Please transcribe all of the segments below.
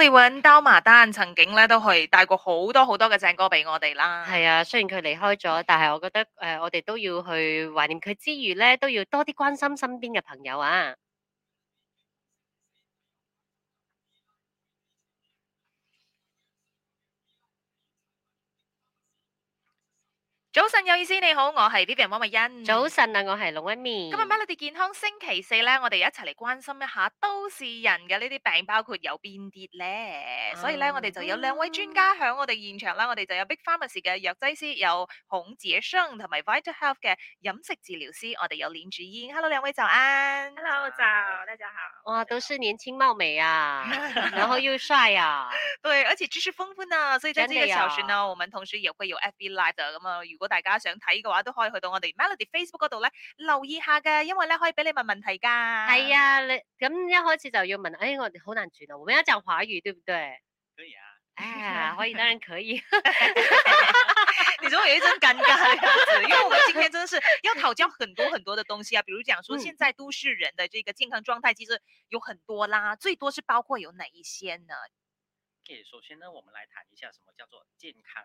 你搵刀馬丹，曾經咧都係帶過好多好多嘅正歌俾我哋啦。係啊，雖然佢離開咗，但係我覺得誒、呃、我哋都要去懷念佢之餘咧，都要多啲關心身邊嘅朋友啊！早晨有意思你好，我係 Bian m 欣。早晨啊，我係龍一咪。今日 m 你哋健康星期四咧，我哋一齊嚟關心一下，都市人嘅呢啲病包括有邊啲咧、嗯？所以咧，我哋就有兩位專家響我哋現場啦、嗯，我哋就有 Big p a r m a c y 嘅藥劑師，有孔志生同埋 Vital Health 嘅飲食治療師，我哋有林主英。Hello，兩位早安。Hello，早，大家好。哇，都是年輕貌美啊， 然後又帥啊，對，而且知識豐富啊，所以喺呢一個候時啦，我們同時也會有 f b Light 咁啊有。嗯如果大家想睇嘅話，都可以去到我哋 Melody Facebook 嗰度咧，留意下噶，因為咧可以俾你問問題噶。係啊，你咁一開始就要問，哎，我哋好難轉啊，我們要講華語對唔對？可以啊，哎，可以 當然可以。 你做一陣尷尬，因為我們今天真的是要討教很多很多的東西啊，比如講說，現在都市人的這個健康狀態其實有很多啦，嗯、最多是包括有哪一些呢？嘅、Okay，首先呢，我們來談一下什麼叫做健康。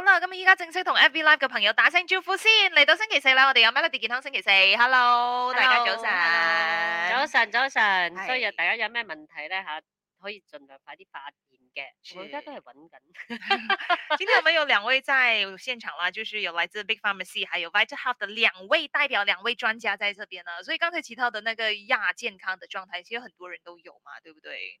好啦，咁依家正式同 FB Live 嘅朋友打聲招呼先。嚟到星期四啦，我哋有 Melody 健康星期四 Hello，Hello，大家早晨，早晨早晨。Hey. 所以大家有咩問題咧吓，可以盡量快啲發現嘅。我而家都係揾緊。 今天我哋有兩位在現場啊？就是有來自 Big Pharmacy，還有 Vital Health 的兩位代表，兩位專家在這邊啊。所以剛才提到的那個亞健康的狀態，其實很多人都有嘛，對不對？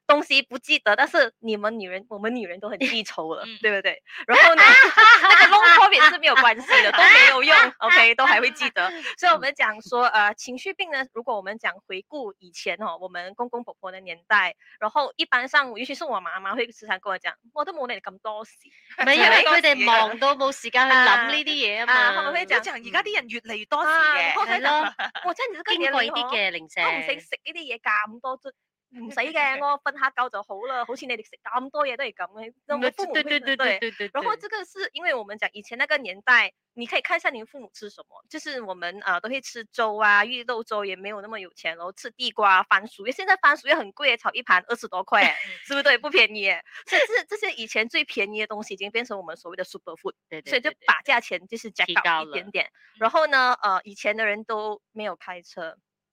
東西不記得，但是你們女人，我們女人都很記仇了， 對不對？然後呢， 那個 Long COVID 是沒有關係的，都沒有用，OK，都還會記得。 所以我們講說，呃，情緒病呢，如果我們講回顧以前哦，我們公公婆婆的年代，然後一般上，尤其是我媽媽會時常跟我講，我都冇你咁多事，係咪？因為佢哋忙到冇時間去諗呢啲嘢啊嘛，係、啊、咪？就而家啲人越嚟越多事的，係經過啲嘅零食，都唔使食呢啲嘢咁多唔使嘅，我瞓下覺就好啦，好似你哋食咁多嘢都係咁嘅，咁嘅父母。對對對對對對。然後呢，這個是因為我們講以前那個年代，你可以看一下你父母吃什麼，就是我們啊、呃、都會吃粥啊，芋頭粥也沒有那麼有錢咯，吃地瓜、番薯，因為現在番薯又很貴，炒一盤二十多塊， 是不是對？不便宜，所以這是這些以前最便宜嘅東西已經變成我們所謂的 super food，對對對對對，所以就把價錢就是加高一點點。然後呢，呃，以前的人都沒有開車。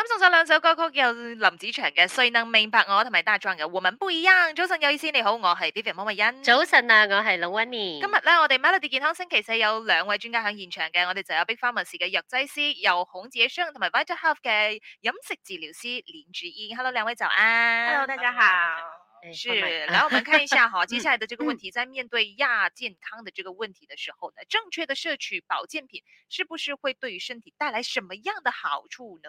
咁仲有兩首歌曲，由林子祥嘅《誰能明白我》同埋大壯嘅《我們不一樣》。早晨，有意思，你好，我係 d a v e d l y 摩米欣。早晨啊，我係老 w i n n i e 今日咧，我哋 m e l o d y 健康星期四有兩位專家喺現場嘅，我哋就有 Beverly 摩米嘅藥劑師，由孔志軒同埋 v i t a l h e a l t h 嘅飲食治療師林志英。Hello，兩位早安。Hello，大家好。哎、是，哎、來，我們看一下哈，接下來的這個問題， 嗯、在面對亞健康的這個問題的時候呢，呢正確的攝取保健品，是不是會對於身體帶來什麼樣的好處呢？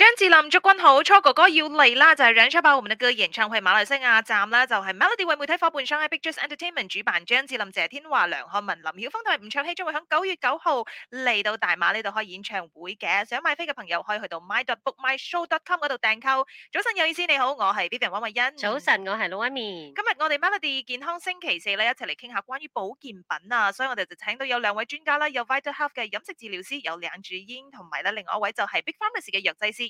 張智霖祝君好，初哥哥要嚟啦，就係、是、演唱會馬來西亞站啦，就係、是、Melody 為媒體伙伴、上喺 Big Jazz Entertainment 主辦，張智霖、謝天華、梁漢文、林曉峰同埋吳卓羲將會響九月九號嚟到大馬呢度開演唱會嘅，想買飛嘅朋友可以去到 mybookmyshow.com 嗰度訂購。早晨有意思你好，我係 Vivian 汪慧欣。早晨，我係 Amy。今日我哋 Melody 健康星期四咧，一齊嚟傾下關於保健品啊，所以我哋就請到有兩位專家啦，有 Vital Health 嘅飲食治療師，有梁主煙，同埋咧另外一位就係 Big Pharmacy 嘅藥劑師。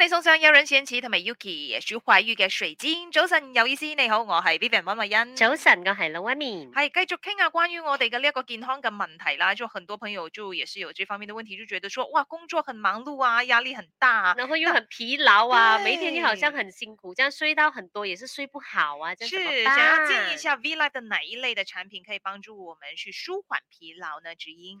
你送、 嗯、上邱潤倩子同埋 Yuki 舒懷宇嘅水晶，早晨有意思，你好，我係 Vivian 溫慧欣，早晨，我係 Melody 係繼續傾下關於我哋嘅呢個健康嘅問題啦，就很多朋友就也是有這方面嘅問題，就覺得說哇工作很忙碌啊，壓力很大，然後又很疲勞啊，每天你好像很辛苦，但係睡到很多也是睡不好啊，就係，想要建議一下 Vlife 嘅哪一類嘅產品可以幫助我們去舒緩疲勞呢？志英。